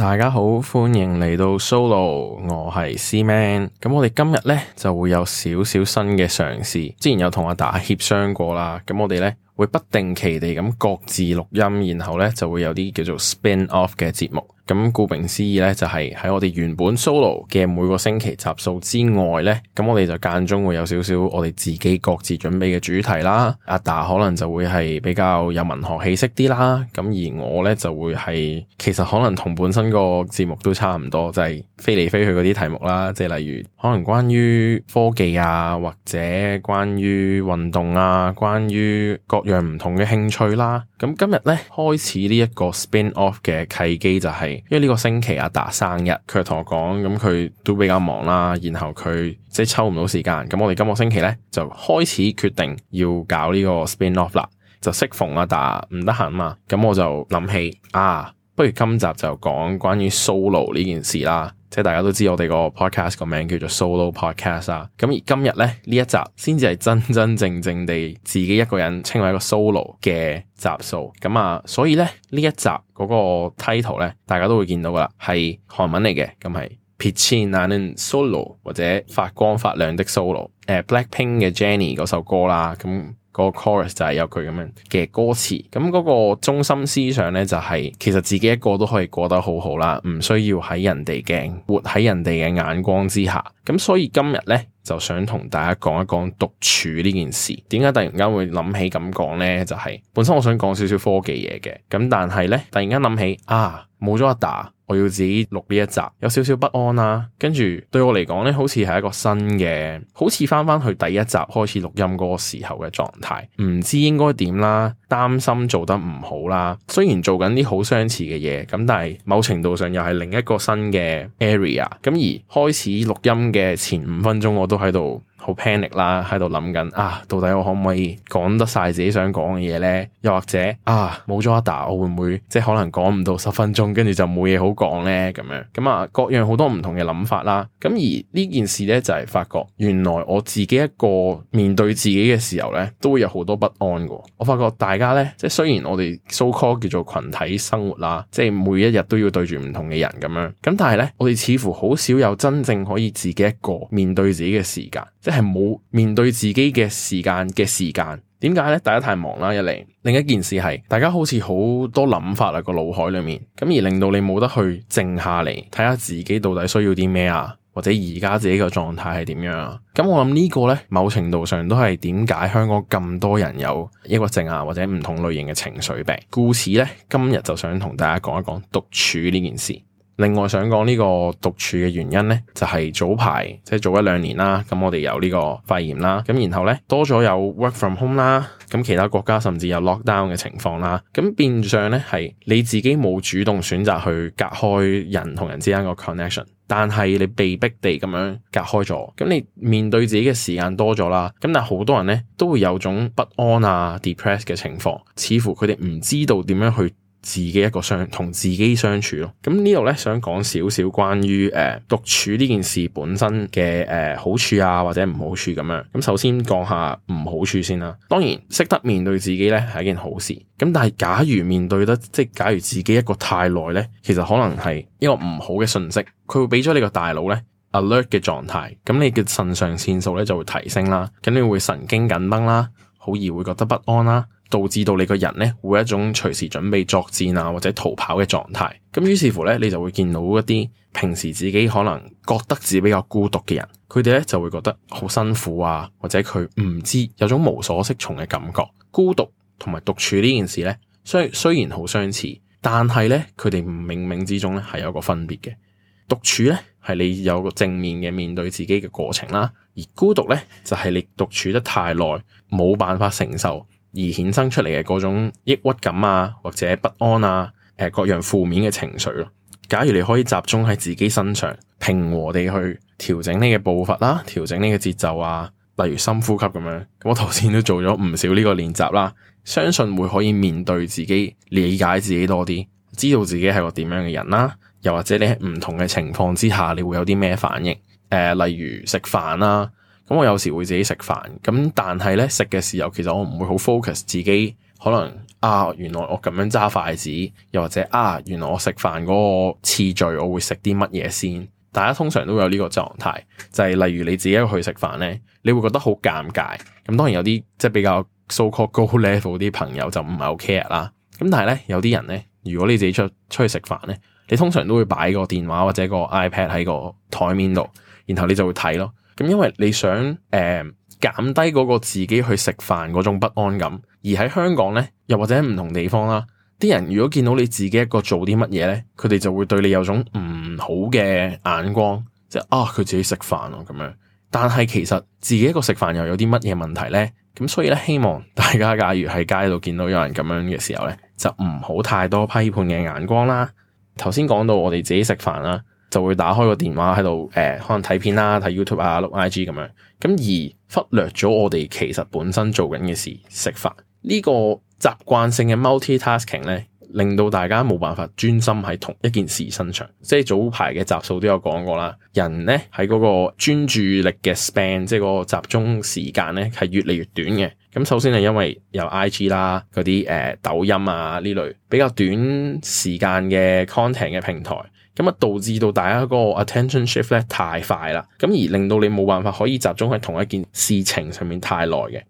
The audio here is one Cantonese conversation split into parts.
大家好，歡迎嚟到 Solo，我係 C Man，咁我哋今日咧就會有少少新嘅嘗試。之前有同阿達協商過啦，咁我哋咧會不定期地咁各自錄音，然後咧就會有啲叫做 Spin-off 嘅節目。咁顧名思義咧，就係喺我哋原本 solo 嘅每個星期集數之外咧，咁我哋就間中會有少少我哋自己各自準備嘅主題啦。阿達可能就會係比較有文學氣息啲啦，咁而我咧就會係其實可能同本身個節目都差唔多，就係飛嚟飛去嗰啲題目啦，即係例如可能關於科技啊，或者關於運動啊，關於各樣唔同嘅興趣啦。咁今日咧，開始呢一個 spin off 嘅契機就係，因為呢個星期阿達生日，佢同我講，咁佢都比較忙啦，然後佢即係抽唔到時間。咁我哋今個星期咧，就開始決定要搞呢個 spin off 啦，就適逢阿達唔得閒嘛，咁我就諗起啊，不如今集就講關於 solo 呢件事啦。即係大家都知我哋個 podcast 個名叫做 Solo Podcast 啊，咁而今日咧呢一集先至係真真正正地自己一個人稱為一個 Solo 嘅集數，咁啊，所以咧呢一集嗰個 title 咧大家都會見到㗎喇，係韓文嚟嘅，咁係《빛이나는 Solo》或者發光發亮的 Solo，誒、呃、Blackpink 嘅 Jennie 嗰首歌啦，咁、嗯。個 chorus 就係有佢咁樣嘅歌詞，咁嗰個中心思想呢，就係、是，其實自己一個都可以過得好好啦，唔需要喺人哋嘅活喺人哋嘅眼光之下，咁所以今日呢，就想同大家講一講獨處呢件事，點解突然間會諗起咁講呢？就係、是、本身我想講少少科技嘢嘅，咁但係呢，突然間諗起啊。冇咗阿達，我要自己錄呢一集，有少少不安啦。跟住對我嚟講呢，好似係一個新嘅，好似翻返去第一集開始錄音嗰個時候嘅狀態，唔知應該點啦，擔心做得唔好啦。雖然做緊啲好相似嘅嘢，咁但係某程度上又係另一個新嘅 area。咁而開始錄音嘅前五分鐘，我都喺度。好 panic 啦，喺度諗緊啊，到底我可唔可以講得晒自己想講嘅嘢呢？又或者啊，冇咗 Ada，我會唔會即係可能講唔到十分鐘，跟住就冇嘢好講呢？咁樣咁啊，各樣好多唔同嘅諗法啦。咁而呢件事呢，就係、是、發覺，原來我自己一個面對自己嘅時候呢，都會有好多不安嘅。我發覺大家呢，即係雖然我哋 so call 叫做群體生活啦，即係每一日都要對住唔同嘅人咁樣，咁但係呢，我哋似乎好少有真正可以自己一個面對自己嘅時間。係冇面對自己嘅時間嘅時間，點解呢？大家太忙啦，一嚟。另一件事係，大家好似好多諗法喺個腦海裏面，咁而令到你冇得去靜下嚟睇下自己到底需要啲咩啊，或者而家自己嘅狀態係點樣啊？咁我諗呢個呢，某程度上都係點解香港咁多人有抑鬱症啊，或者唔同類型嘅情緒病。故此呢，今日就想同大家講一講獨處呢件事。另外想講呢個獨處嘅原因呢，就係早排即係早一兩年啦，咁我哋有呢個肺炎啦，咁然後呢，多咗有 work from home 啦，咁其他國家甚至有 lockdown 嘅情況啦，咁變相呢，係你自己冇主動選擇去隔開人同人之間個 connection，但係你被逼地咁樣隔開咗，咁你面對自己嘅時間多咗啦，咁但係好多人呢，都會有種不安啊、depressed 嘅情況，似乎佢哋唔知道點樣去。自己一個相同自己相處咯，咁呢度咧想講少少關於誒、呃、獨處呢件事本身嘅誒、呃、好處啊或者唔好處咁樣。咁首先講下唔好處先啦。當然識得面對自己咧係一件好事，咁但係假如面對得即係假如自己一個太耐咧，其實可能係一個唔好嘅訊息，佢會俾咗你個大腦咧 alert 嘅狀態，咁你嘅腎上腺素咧就會提升啦，咁你會神經緊繃啦，好易會覺得不安啦。導致到你個人呢會一種隨時準備作戰啊，或者逃跑嘅狀態。咁於是乎呢，你就會見到一啲平時自己可能覺得自己比較孤獨嘅人，佢哋呢就會覺得好辛苦啊，或者佢唔知有種無所適從嘅感覺。孤獨同埋獨處呢件事呢，雖雖然好相似，但係呢，佢哋冥冥之中呢係有一個分別嘅。獨處呢係你有個正面嘅面對自己嘅過程啦，而孤獨呢就係你獨處得太耐，冇辦法承受。而衍生出嚟嘅嗰種抑鬱感啊，或者不安啊，誒各樣負面嘅情緒咯。假如你可以集中喺自己身上，平和地去調整呢個步伐啦、啊，調整呢個節奏啊，例如深呼吸咁樣。咁我頭先都做咗唔少呢個練習啦、啊，相信會可以面對自己，理解自己多啲，知道自己係個點樣嘅人啦、啊。又或者你喺唔同嘅情況之下，你會有啲咩反應？誒、呃，例如食飯啦、啊。咁我有時會自己食飯，咁但係呢食嘅時候，其實我唔會好 focus 自己，可能啊原來我咁樣揸筷子，又或者啊原來我食飯嗰個次序，我會食啲乜嘢先？大家通常都有呢個狀態，就係例如你自己去食飯呢，你會覺得好尷尬。咁當然有啲即係比較 so called go level 啲朋友就唔係好 care 啦。咁但係呢，有啲人呢，如果你自己出出去食飯呢，你通常都會擺個電話或者個 iPad 喺個台面度，然後你就會睇咯。咁因為你想誒減低嗰個自己去食飯嗰種不安感，而喺香港呢，又或者唔同地方啦，啲人如果見到你自己一個做啲乜嘢呢，佢哋就會對你有種唔好嘅眼光，即係啊佢自己食飯咯咁樣。但係其實自己一個食飯又有啲乜嘢問題呢？咁所以咧，希望大家假如喺街度見到有人咁樣嘅時候呢，就唔好太多批判嘅眼光啦。頭先講到我哋自己食飯啦。就會打開個電話喺度，誒、呃、可能睇片啦、睇 YouTube 啊、碌、啊、IG 咁樣，咁而忽略咗我哋其實本身做緊嘅事食飯。飯這個、習慣呢個習慣性嘅 multitasking 咧，令到大家冇辦法專心喺同一件事身上。即係早排嘅集數都有講過啦，人咧喺嗰個專注力嘅 span，即係個集中時間咧係越嚟越短嘅。咁首先係因為有 IG 啦嗰啲誒抖音啊呢類比較短時間嘅 content 嘅平台。咁啊，導致到大家嗰個 attention shift 咧太快啦，咁而令到你冇辦法可以集中喺同一件事情上面太耐嘅。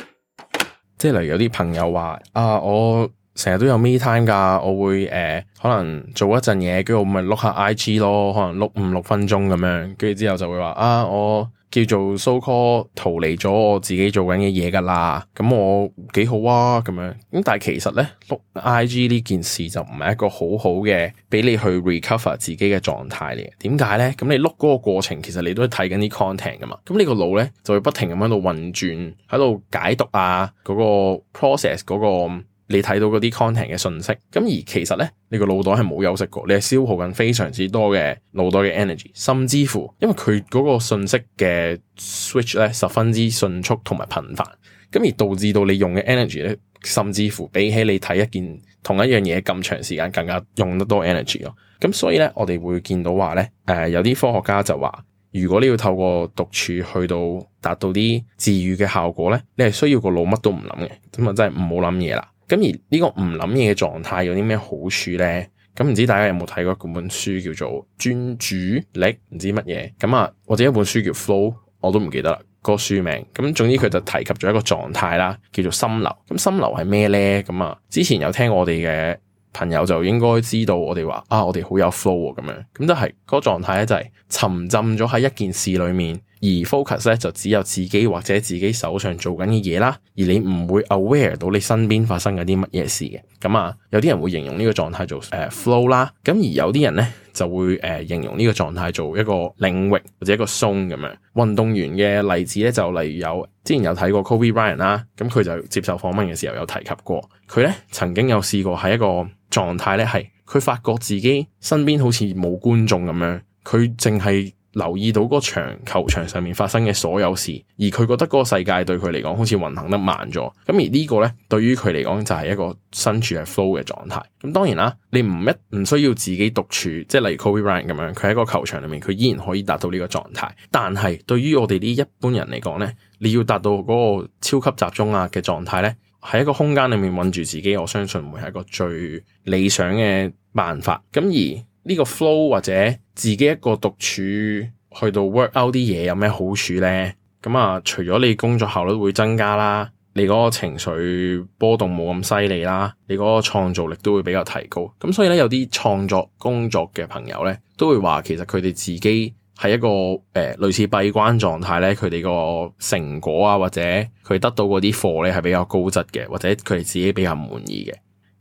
即係例如有啲朋友話啊，我成日都有 me time 㗎，我會誒、呃、可能做一陣嘢，跟住我咪碌下 IG 咯，可能碌五六分鐘咁樣，跟住之後就會話啊我。叫做 so call 逃離咗我自己做緊嘅嘢㗎啦，咁我幾好啊咁樣，咁但係其實咧碌 IG 呢件事就唔係一個好好嘅俾你去 recover 自己嘅狀態嚟嘅，點解咧？咁你碌嗰個過程其實你都係睇緊啲 content 㗎嘛，咁你個腦咧就會不停咁喺度運轉，喺度解讀啊嗰個 process 嗰個。你睇到嗰啲 content 嘅信息，咁而其實咧，你個腦袋係冇休息過，你係消耗緊非常之多嘅腦袋嘅 energy，甚至乎因為佢嗰個信息嘅 switch 咧十分之迅速同埋頻繁，咁而導致到你用嘅 energy 咧，甚至乎比起你睇一件同一樣嘢咁長時間更加用得多 energy 咯。咁所以咧，我哋會見到話咧，誒、呃、有啲科學家就話，如果你要透過獨處去到達到啲治愈嘅效果咧，你係需要個腦乜都唔諗嘅，咁啊真係唔好諗嘢啦。咁而呢個唔諗嘢嘅狀態有啲咩好處咧？咁唔知大家有冇睇過嗰本書叫做專注力，唔知乜嘢？咁啊，或者一本書叫 Flow，我都唔記得啦，嗰、那個書名。咁總之佢就提及咗一個狀態啦，叫做心流。咁心流係咩咧？咁啊，之前有聽我哋嘅朋友就應該知道我，我哋話啊，我哋好有 flow 喎、啊、咁樣。咁就係嗰個狀態咧，就係沉浸咗喺一件事裏面。而 focus 咧就只有自己或者自己手上做緊嘅嘢啦，而你唔會 aware 到你身邊發生緊啲乜嘢事嘅。咁啊，有啲人會形容呢個狀態做誒、uh, flow 啦，咁而有啲人咧就會誒、uh, 形容呢個狀態做一個領域或者一個 zone 咁樣。運動員嘅例子咧就例如有之前有睇過 Kobe Bryant 啦，啊，咁佢就接受訪問嘅時候有提及過，佢咧曾經有試過喺一個狀態咧，係佢發覺自己身邊好似冇觀眾咁樣，佢淨係。留意到嗰場球場上面發生嘅所有事，而佢覺得嗰個世界對佢嚟講好似運行得慢咗。咁而呢個咧，對於佢嚟講就係一個身處係 flow 嘅狀態。咁當然啦，你唔一唔需要自己獨處，即係例如 Kobe Bryant 咁樣，佢喺個球場裡面，佢依然可以達到呢個狀態。但係對於我哋呢一般人嚟講咧，你要達到嗰個超級集中啊嘅狀態咧，喺一個空間裡面困住自己，我相信唔會係一個最理想嘅辦法。咁而呢個 flow 或者自己一個獨處去到 work out 啲嘢有咩好處呢？咁啊，除咗你工作效率會增加啦，你嗰個情緒波動冇咁犀利啦，你嗰個創造力都會比較提高。咁所以咧，有啲創作工作嘅朋友咧，都會話其實佢哋自己係一個誒、呃、類似閉關狀態咧，佢哋個成果啊或者佢哋得到嗰啲課咧係比較高質嘅，或者佢哋自己比較滿意嘅。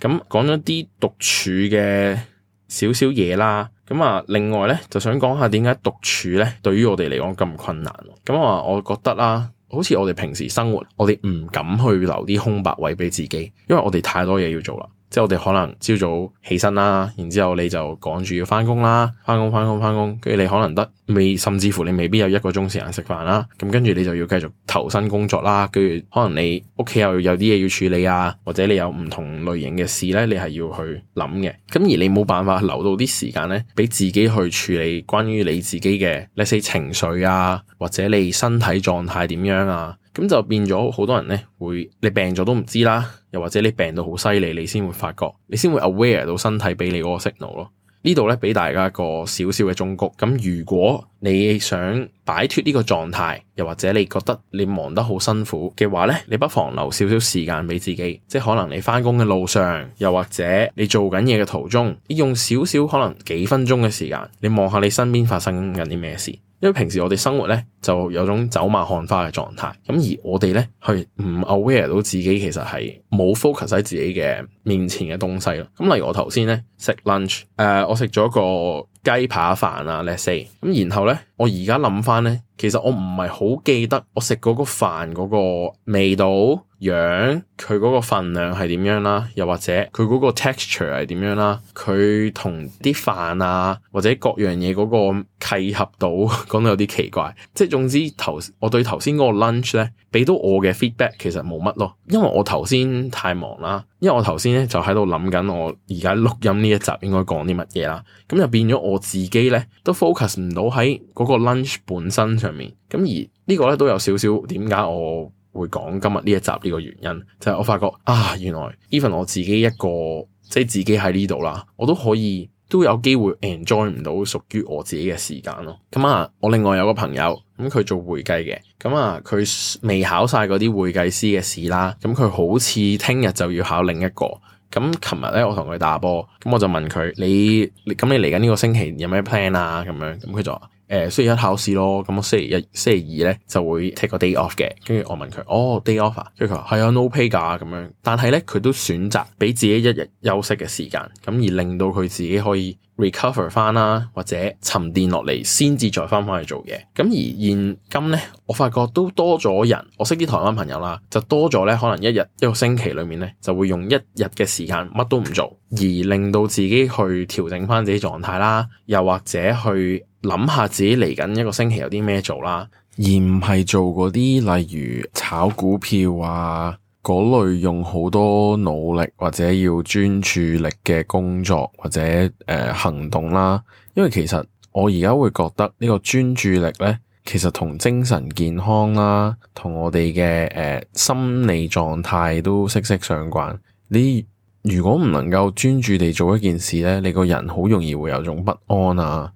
咁講咗啲獨處嘅少少嘢啦，咁啊，另外咧就想講下點解獨處咧對於我哋嚟講咁困難，咁、嗯、啊，我覺得啦，好似我哋平時生活，我哋唔敢去留啲空白位俾自己，因為我哋太多嘢要做啦。即係我哋可能朝早起身啦，然之後你就趕住要翻工啦，翻工翻工翻工，跟住你可能得未，甚至乎你未必有一個鐘時間食飯啦。咁跟住你就要繼續投身工作啦，跟住可能你屋企又有啲嘢要處理啊，或者你有唔同類型嘅事咧，你係要去諗嘅。咁而你冇辦法留到啲時間咧，俾自己去處理關於你自己嘅呢啲情緒啊，或者你身體狀態點樣啊？咁就變咗好多人呢，會你病咗都唔知啦，又或者你病到好犀利，你先會發覺，你先會 aware 到身體俾你嗰個 signal 咯。呢度呢，俾大家一個少少嘅忠告。咁如果你想擺脱呢個狀態，又或者你覺得你忙得好辛苦嘅話呢，你不妨留少少時間俾自己，即係可能你翻工嘅路上，又或者你做緊嘢嘅途中，你用少少可能幾分鐘嘅時間，你望下你身邊發生緊啲咩事。因為平時我哋生活咧，就有種走馬看花嘅狀態，咁而我哋咧，係唔 aware 到自己其實係冇 focus 喺自己嘅面前嘅東西咯。咁、嗯、例如我頭先咧食 lunch，誒、呃、我食咗個雞扒飯啊，let's say，咁然後咧我而家諗翻咧，其實我唔係好記得我食嗰個飯嗰個味道。樣佢嗰個份量係點樣啦，又或者佢嗰個 texture 係點樣啦，佢同啲飯啊或者各樣嘢嗰個契合到講 得有啲奇怪，即係總之頭，我對頭先嗰個 lunch 咧，俾到我嘅 feedback 其實冇乜咯，因為我頭先太忙啦，因為我頭先咧就喺度諗緊我而家錄音呢一集應該講啲乜嘢啦，咁就變咗我自己咧都 focus 唔到喺嗰個 lunch 本身上面，咁而個呢個咧都有少少點解我，會講今日呢一集呢個原因，就係、是、我發覺啊，原來 even 我自己一個即係自己喺呢度啦，我都可以都有機會 enjoy 唔到屬於我自己嘅時間咯。咁、嗯、啊，我另外有個朋友咁，佢、嗯、做會計嘅，咁啊佢未考晒嗰啲會計師嘅試啦，咁、嗯、佢好似聽日就要考另一個。咁琴日咧，我同佢打波，咁、嗯、我就問佢：你咁你嚟緊呢個星期有咩 plan 啊？咁樣咁佢就話。誒、呃，星期一考試咯，咁我星期一、星期二咧就會 take 個 day off 嘅。跟住我問佢，哦、oh，day off，跟住佢話係啊，no pay 噶。咁樣。但係咧，佢都選擇俾自己一日休息嘅時間，咁而令到佢自己可以 recover 翻啦，或者沉澱落嚟先至再翻返去做嘢。咁而現今咧，我發覺都多咗人，我識啲台灣朋友啦，就多咗咧，可能一日一個星期裏面咧就會用一日嘅時間乜都唔做，而令到自己去調整翻自己狀態啦，又或者去，諗下自己嚟緊一個星期有啲咩做啦，而唔係做嗰啲，例如炒股票啊，嗰類用好多努力或者要專注力嘅工作或者誒、呃、行動啦。因為其實我而家會覺得呢個專注力咧，其實同精神健康啦、啊，同我哋嘅誒心理狀態都息息相關。你如果唔能夠專注地做一件事咧，你個人好容易會有種不安啊。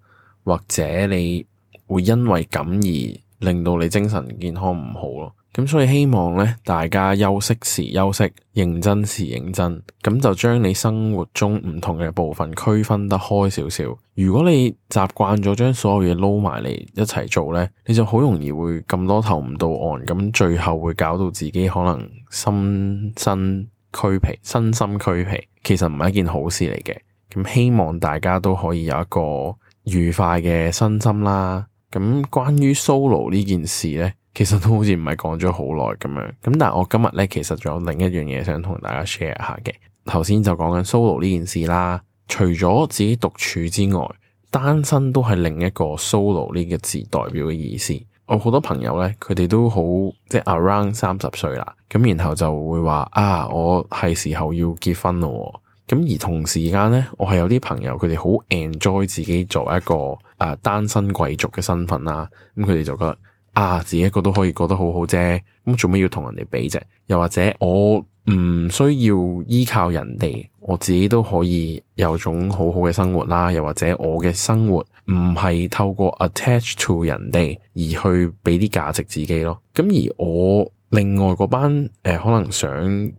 或者你會因為咁而令到你精神健康唔好咯，咁所以希望咧大家休息時休息，認真時認真，咁就將你生活中唔同嘅部分區分得開少少。如果你習慣咗將所有嘢撈埋嚟一齊做咧，你就好容易會咁多頭唔到岸，咁最後會搞到自己可能心身俱疲，身心俱疲，其實唔係一件好事嚟嘅。咁希望大家都可以有一個.愉快嘅身心啦，咁關於 solo 呢件事呢，其實都好似唔係講咗好耐咁樣，咁但係我今日呢，其實仲有另一樣嘢想同大家 share 下嘅。頭先就講緊 solo 呢件事啦，除咗自己獨處之外，單身都係另一個 solo 呢個字代表嘅意思。我好多朋友呢，佢哋都好即係 around 三十歲啦，咁然後就會話啊，我係時候要結婚咯，哦。咁而同時間呢，我係有啲朋友，佢哋好 enjoy 自己做一個誒單身貴族嘅身份啦。咁佢哋就覺得啊，自己一個都可以過得好好啫。咁做咩要同人哋比啫？又或者我唔需要依靠人哋，我自己都可以有種好好嘅生活啦。又或者我嘅生活唔係透過 attach to 人哋而去俾啲價值自己咯。咁而我另外嗰班誒、呃、可能想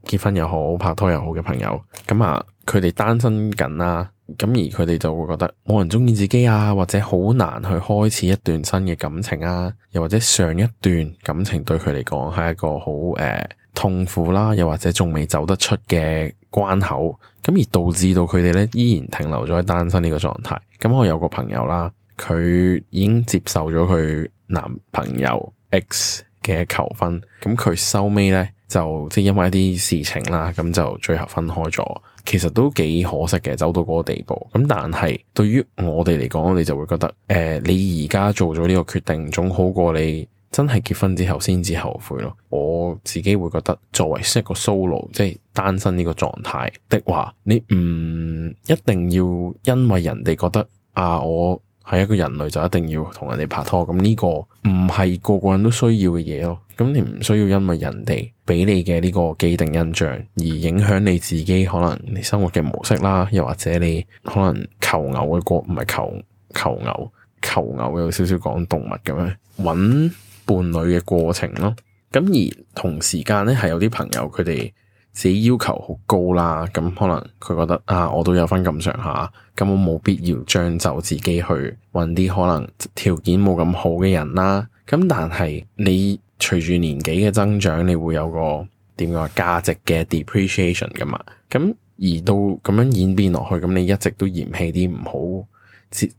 結婚又好拍拖又好嘅朋友，咁啊～佢哋單身緊啦，咁而佢哋就會覺得冇人鍾意自己啊，或者好難去開始一段新嘅感情啊，又或者上一段感情對佢嚟講係一個好誒、uh, 痛苦啦，又或者仲未走得出嘅關口，咁而導致到佢哋咧依然停留咗喺單身呢個狀態。咁我有個朋友啦，佢已經接受咗佢男朋友 X 嘅求婚，咁佢收尾咧。就即係因為一啲事情啦，咁就最後分開咗，其實都幾可惜嘅，走到嗰個地步。咁但係對於我哋嚟講，你就會覺得，誒、呃，你而家做咗呢個決定，總好過你真係結婚之後先至後悔咯。我自己會覺得，作為一個 Solo，即係單身呢個狀態的話，你唔一定要因為人哋覺得啊，我係一個人類就一定要同人哋拍拖，咁呢個唔係個個人都需要嘅嘢咯。咁你唔需要因為人哋畀你嘅呢個既定印象而影響你自己，可能你生活嘅模式啦，又或者你可能求偶嘅過唔係求，求偶，求偶有少少講動物咁樣，揾伴侶嘅過程咯。咁而同時間呢，係有啲朋友佢哋自己要求好高啦，咁可能佢覺得啊，我都有分咁上下，咁我冇必要將就自己去揾啲可能條件冇咁好嘅人啦。咁但係你。隨住年紀嘅增長，你會有個點樣價值嘅 depreciation 噶嘛？咁而到咁樣演變落去，咁你一直都嫌棄啲唔好，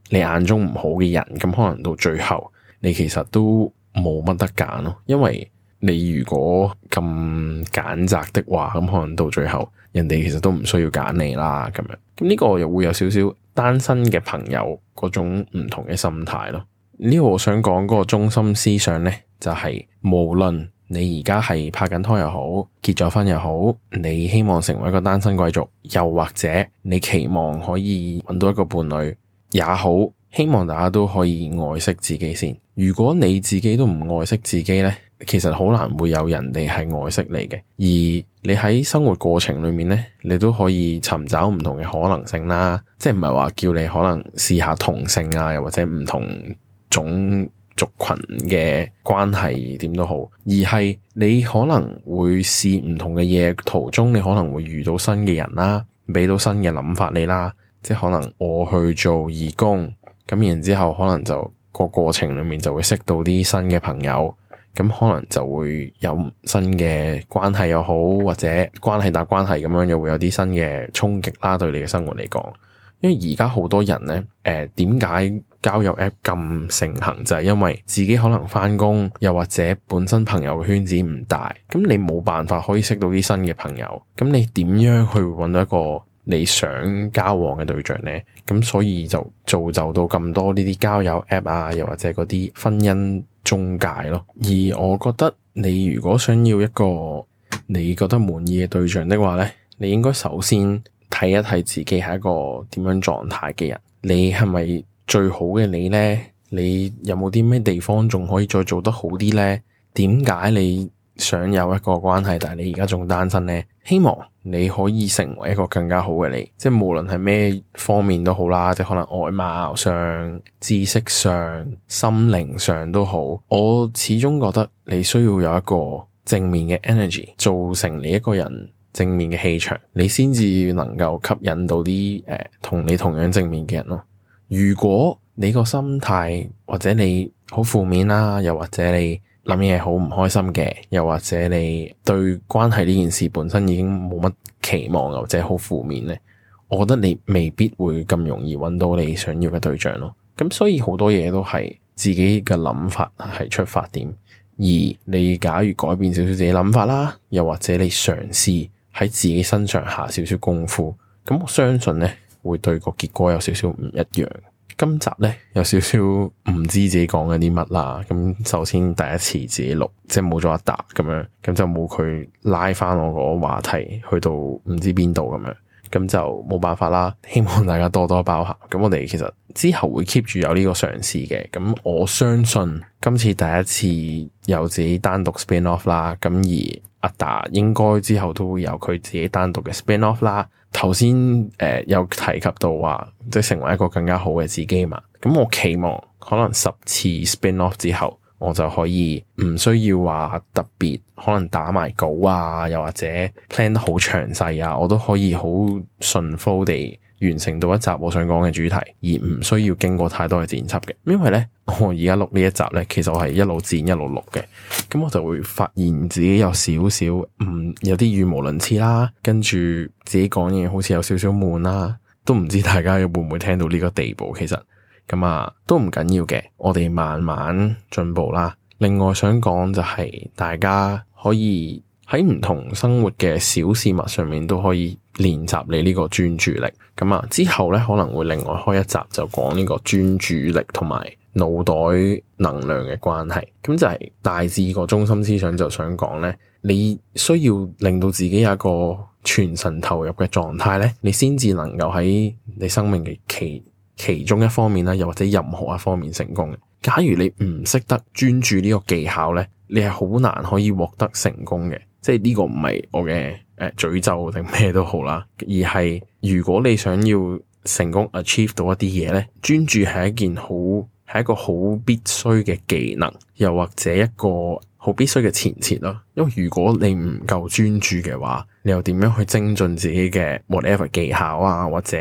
你眼中唔好嘅人，咁可能到最後你其實都冇乜得揀咯。因為你如果咁揀擇的話，咁可能到最後人哋其實都唔需要揀你啦。咁樣咁呢個又會有少少單身嘅朋友嗰種唔同嘅心態咯。呢個我想講嗰個中心思想呢，就係無論你而家係拍緊拖又好，結咗婚又好，你希望成為一個單身貴族，又或者你期望可以揾到一個伴侶也好，希望大家都可以愛惜自己先。如果你自己都唔愛惜自己呢，其實好難會有人哋係愛惜你嘅。而你喺生活過程裏面呢，你都可以尋找唔同嘅可能性啦，即係唔係話叫你可能試下同性啊，又或者唔同種。族群嘅關係點都好，而係你可能會試唔同嘅嘢，途中你可能會遇到新嘅人啦，俾到新嘅諗法你啦。即係可能我去做義工，咁然後，之後可能就個過程裏面就會識到啲新嘅朋友，咁可能就會有新嘅關係又好，或者關係搭關係咁樣嘅會有啲新嘅衝擊啦，對你嘅生活嚟講。因為而家好多人咧，誒，點解？交友 app 咁盛行就係因為自己可能翻工，又或者本身朋友圈子唔大，咁你冇辦法可以識到啲新嘅朋友，咁你點樣去搵到一個你想交往嘅對象呢？咁所以就造就到咁多呢啲交友 app 啊，又或者嗰啲婚姻中介咯。而我覺得你如果想要一個你覺得滿意嘅對象嘅話呢，你應該首先睇一睇自己係一個點樣狀態嘅人，你係咪最好嘅你呢？你有冇啲咩地方仲可以再做得好啲呢？點解你想有一個關係，但係你而家仲單身呢？希望你可以成為一個更加好嘅你，即係無論係咩方面都好啦，即係可能外貌上、知識上、心靈上都好。我始終覺得你需要有一個正面嘅 energy，造成你一個人正面嘅氣場，你先至能夠吸引到啲誒同你同樣正面嘅人咯。如果你個心態或者你好負面啦，又或者你諗嘢好唔開心嘅，又或者你對關係呢件事本身已經冇乜期望，或者好負面咧，我覺得你未必會咁容易揾到你想要嘅對象咯。咁所以好多嘢都係自己嘅諗法係出發點，而你假如改變少少自己諗法啦，又或者你嘗試喺自己身上下少少功夫，咁我相信咧。會對個結果有少少唔一樣。今集咧，有少少唔知自己講緊啲乜啦。咁首先第一次自己錄，即係冇咗阿達咁樣，咁就冇佢拉翻我個話題去到唔知邊度咁樣，咁就冇辦法啦。希望大家多多包涵。咁我哋其實之後會 keep 住有呢個嘗試嘅。咁我相信今次第一次有自己單獨 spin off 啦。咁而阿達應該之後都會有佢自己單獨嘅 spin off 啦。頭先誒有提及到話，即成為一個更加好嘅自己嘛。咁我期望可能十次 spin off 之後，我就可以唔需要話特別可能打埋稿啊，又或者 plan 得好詳細啊，我都可以好順風地。完成到一集我想講嘅主題，而唔需要經過太多嘅剪輯嘅。因為呢，我而家錄呢一集呢，其實我係一路剪一路錄嘅，咁我就會發現自己有少少，唔，有啲語無倫次啦，跟住自己講嘢好似有少少悶啦，都唔知大家會唔會聽到呢個地步。其實，咁啊，都唔緊要嘅，我哋慢慢進步啦。另外想講就係大家可以。喺唔同生活嘅小事物上面都可以練習你呢個專注力。咁啊，之後咧，可能會另外開一集就講呢個專注力同埋腦袋能量嘅關係，咁就係大致個中心思想，就想講咧，你需要令到自己有一個全神投入嘅狀態咧，你先至能夠喺你生命嘅其其中一方面啦，又或者任何一方面成功嘅。假如你唔識得專注呢個技巧咧，你係好難可以獲得成功嘅。即係呢個唔係我嘅，誒詛咒定咩都好啦，而係如果你想要成功 achieve 到一啲嘢咧，專注係一件好係一個好必須嘅技能，又或者一個好必須嘅前設咯。因為如果你唔夠專注嘅話，你又點樣去精進自己嘅 whatever 技巧啊或者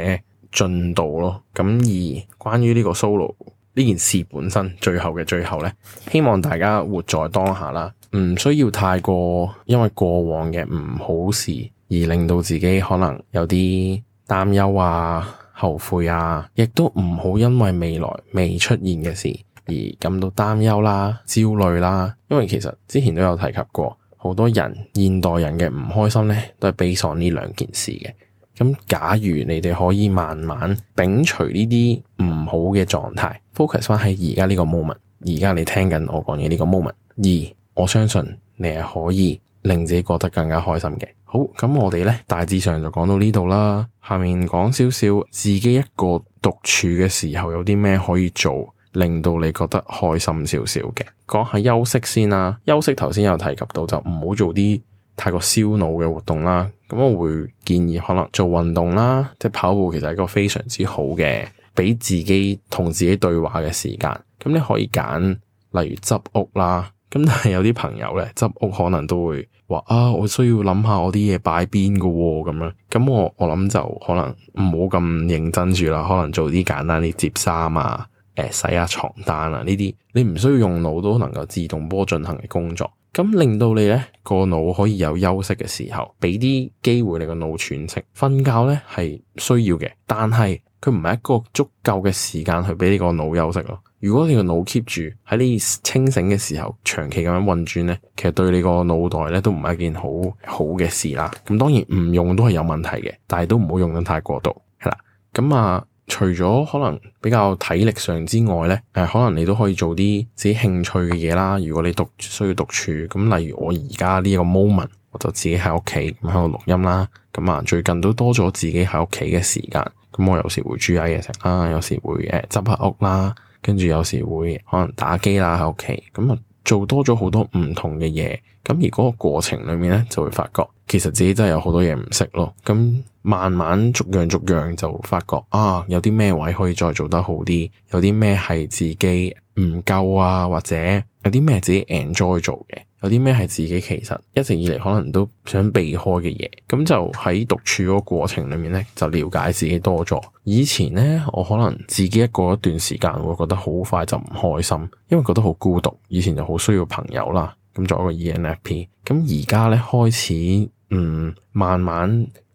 進度咯？咁而關於呢個 solo 呢件事本身，最後嘅最後咧，希望大家活在當下啦。唔需要太過，因為過往嘅唔好事而令到自己可能有啲擔憂啊、後悔啊，亦都唔好因為未來未出現嘅事而感到擔憂啦、啊、焦慮啦、啊。因為其實之前都有提及過，好多人現代人嘅唔開心呢，都係 base on 呢兩件事嘅。咁假如你哋可以慢慢摒除呢啲唔好嘅狀態，focus 翻喺而家呢個 moment，而家你在聽緊我講嘅呢個 moment，二。我相信你係可以令自己覺得更加開心嘅。好，咁我哋呢大致上就講到呢度啦。下面講少少自己一個獨處嘅時候有啲咩可以做，令到你覺得開心少少嘅。講下休息先啦。休息頭先有提及到，就唔好做啲太過燒腦嘅活動啦。咁我會建議可能做運動啦，即係跑步，其實係一個非常之好嘅，俾自己同自己對話嘅時間。咁你可以揀例如執屋啦。咁但係有啲朋友咧執屋可能都會話啊，我需要諗下我啲嘢擺邊噶咁、哦、樣，咁我我諗就可能唔好咁認真住啦，可能做啲簡單啲摺衫啊、誒、呃、洗下床單啊呢啲，你唔需要用腦都能夠自動波進行嘅工作，咁令到你咧個腦可以有休息嘅時候，俾啲機會你個腦喘息。瞓覺咧係需要嘅，但係。佢唔係一個足夠嘅時間去俾你個腦休息咯。如果你個腦 keep 住喺你清醒嘅時候長期咁樣運轉咧，其實對你個腦袋咧都唔係一件好好嘅事啦。咁當然唔用都係有問題嘅，但係都唔好用得太過度係啦。咁啊，除咗可能比較體力上之外咧，誒、啊，可能你都可以做啲自己興趣嘅嘢啦。如果你讀需要獨處咁，例如我而家呢個 moment，我就自己喺屋企咁喺度錄音啦。咁啊，最近都多咗自己喺屋企嘅時間。咁我有時會煮下嘢食啦，有時會誒、執下屋啦，跟住有時會可能打機啦喺屋企，咁啊做多咗好多唔同嘅嘢，咁而嗰個過程裡面咧就會發覺，其實自己真係有好多嘢唔識咯，咁慢慢逐樣逐樣就發覺啊，有啲咩位可以再做得好啲，有啲咩係自己唔夠啊，或者有啲咩自己 enjoy 做嘅，有啲咩係自己其實一直以嚟，可能都想避開嘅嘢，咁就喺獨處嗰個過程裏面呢，就了解自己多咗。以前呢，我可能自己一個一段時間會覺得好快就唔開心，因為覺得好孤獨。以前就好需要朋友啦。咁作為一個 ENFP，咁而家呢，開始嗯慢慢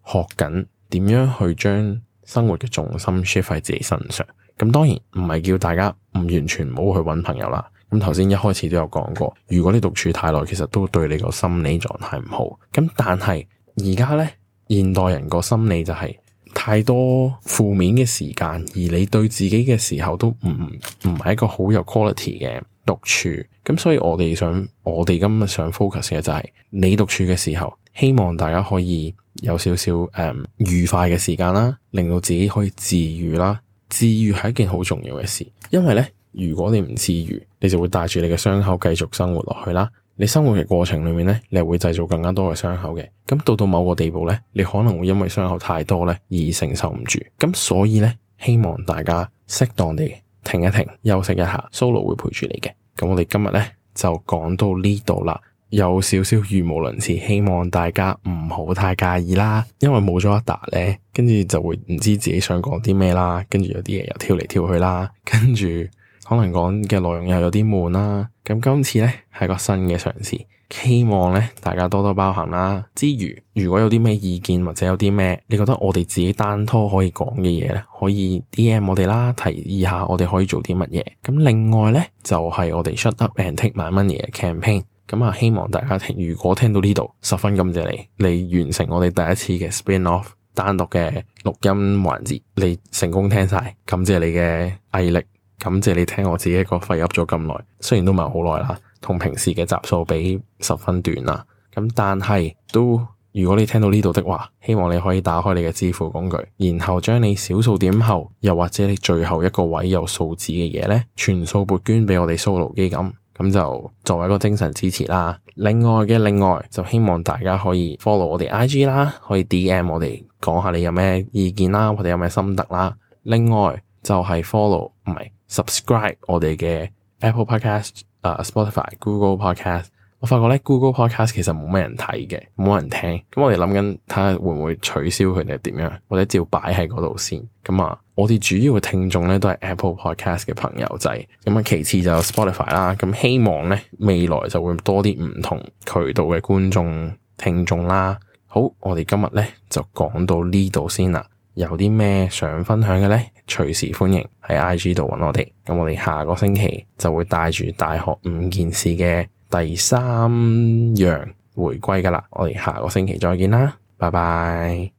學緊點樣去將生活嘅重心 shift 喺自己身上。咁當然唔係叫大家唔完全唔好去揾朋友啦。咁頭先一開始都有講過，如果你獨處太耐，其實都對你個心理狀態唔好。咁但係而家呢，現代人個心理就係太多負面嘅時間，而你對自己嘅時候都唔唔係一個好有 quality 嘅獨處。咁所以我哋想，我哋今日想 focus 嘅就係、是、你獨處嘅時候，希望大家可以有少少誒、um, 愉快嘅時間啦，令到自己可以治癒啦。治癒係一件好重要嘅事，因為呢，如果你唔治癒，你就會帶住你嘅傷口繼續生活落去啦。你生活嘅過程裏面呢，你係會製造更加多嘅傷口嘅。咁到到某個地步呢，你可能會因為傷口太多呢而承受唔住。咁所以呢，希望大家適當地停一停，休息一下，solo 會陪住你嘅。咁我哋今日呢，就講到呢度啦。有少少語無倫次，希望大家唔好太介意啦。因為冇咗一打咧，跟住就會唔知自己想講啲咩啦。跟住有啲嘢又跳嚟跳去啦，跟住可能講嘅內容又有啲悶啦。咁今次咧係個新嘅嘗試，希望咧大家多多包涵啦。之餘，如果有啲咩意見或者有啲咩你覺得我哋自己單拖可以講嘅嘢咧，可以 DM 我哋啦，提議下我哋可以做啲乜嘢。咁另外咧就係、是、我哋 Shut Up and Take My Money 嘅 campaign。咁啊，希望大家聽，如果聽到呢度，十分感謝你，你完成我哋第一次嘅 spin off 單獨嘅錄音環節，你成功聽晒，感謝你嘅毅力，感謝你聽我自己一個費噏咗咁耐，雖然都唔係好耐啦，同平時嘅集數比十分短啦，咁但係都如果你聽到呢度的話，希望你可以打開你嘅支付工具，然後將你小數點後又或者你最後一個位有數字嘅嘢咧，全數撥捐俾我哋 solo 基金。咁就作為一個精神支持啦。另外嘅另外就希望大家可以 follow 我哋 IG 啦，可以 DM 我哋講下你有咩意見啦，我哋有咩心得啦。另外就係 follow 唔係 subscribe 我哋嘅 Apple Podcast、uh、誒 Spotify、Google Podcast。我發覺咧 Google Podcast 其實冇咩人睇嘅，冇人聽。咁我哋諗緊睇下會唔會取消佢定點樣，或者照擺喺嗰度先。咁啊～我哋主要嘅聽眾咧都係 Apple Podcast 嘅朋友仔，咁啊其次就 Spotify 啦，咁希望咧未來就會多啲唔同渠道嘅觀眾聽眾啦。好，我哋今日咧就講到呢度先啦。有啲咩想分享嘅咧，隨時歡迎喺 IG 度揾我哋。咁我哋下個星期就會帶住大學五件事嘅第三樣回歸噶啦。我哋下個星期再見啦，拜拜。